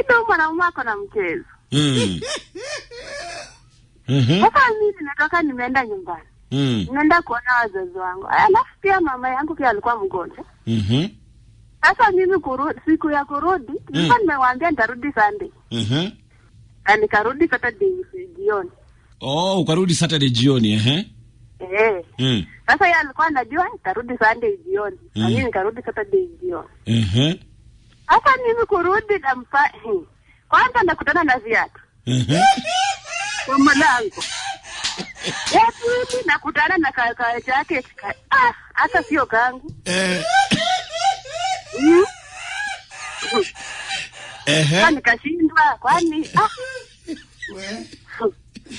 Ido mwanamume ako na mchezo mm. Mm Sasa mimi nimetoka nimeenda nyumbani. Mm. Nimeenda kuona wazazi wangu. Eh, alafu pia mama yangu pia alikuwa mgonjwa. Mhm. Mm Sasa mimi kurudi siku ya kurudi, mm. nilikuwa nimewaambia nitarudi Sunday. Mhm. Mm na nikarudi Saturday jioni. Oh, ukarudi Saturday jioni eh? Eh. Eh. Mm. Sasa yeye alikuwa anajua nitarudi Sunday jioni. Mm. nikarudi Saturday jioni. Mhm. Mm hapa mimi kurudi na mfahi kwanza, nakutana na viatu mhm. kwa mlango ya pili, nakutana na kaka yake, ah, hata sio kangu eh. hmm? nikashindwa, kwani ah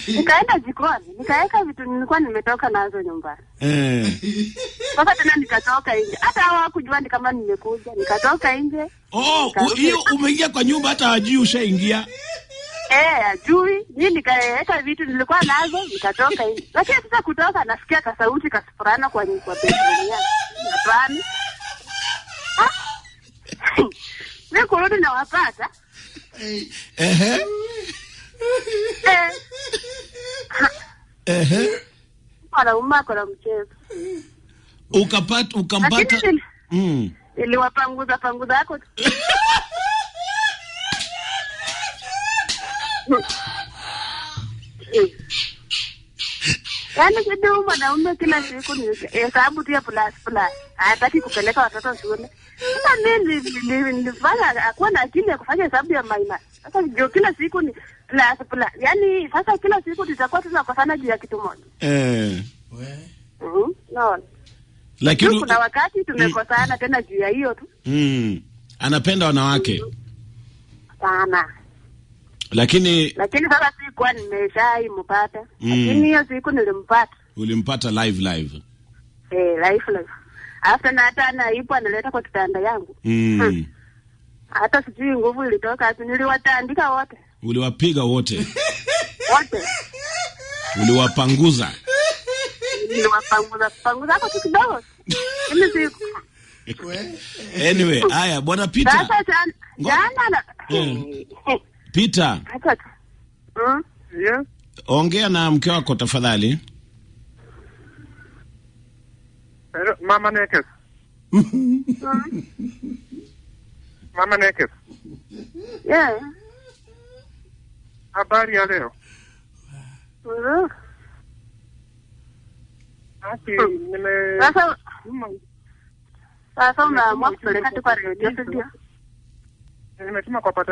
nikaenda jikoni nikaweka vitu nilikuwa nimetoka nazo nyumbani eh. eh. Tena nikatoka nje, hata hawakujua ni kama nimekuja. Nikatoka nje Oh, hiyo umeingia kwa nyumba, hata hajui ushaingia. Eh, ajui Mimi nikaweka vitu nilikuwa nazo nikatoka nje, lakini sasa kutoka nasikia ka sauti ka sifurana kwa kwa bedroom napani ah. mi kurudi nawapata eh. eh ehe, mwanamume akona mchezo ukapata ukampata mm. Iliwapanguza panguza yako yaani, kidu mwanaume kila siku ni hesabu tu ya plus plus, hataki kupeleka watoto shule. Sasa mi nilifanya akuwa na akili ya kufanya hesabu ya maina sasa ndio kila siku ni la, la, yani sasa kila siku tutakuwa tunakosana juu ya kitu moja. Eh. We. Mhm. No. Lakini kuna wakati tumekosana mm, tena juu ya hiyo tu. Mm. Anapenda wanawake. Sana. Mm. Lakini lakini sasa sikuwa nimeshai mpata. Mm. Lakini hiyo siku nilimpata. Ulimpata live live. Eh, live live. After na hata anaipo analeta kwa kitanda yangu. Mm. Ha. Hmm. Hata sijui nguvu ilitoka wapi. Niliwatandika wote. Uliwapiga wote? Wote. Uliwapanguza? Niliwapanguza. Panguza hapo tu kidogo. Mimi siku. Anyway, haya bwana Peter. Sasa jana jana na eh. Peter. Acha. Mm. Yeah. Ongea na mke wako tafadhali. Mama Nekes. Mama Nekes. Yeah. Habari ya leo. Mm-hmm. Hmm. Ndio. Aki Sasa unaamua kupeleka tu kwa radio studio. Nimetuma kwa patani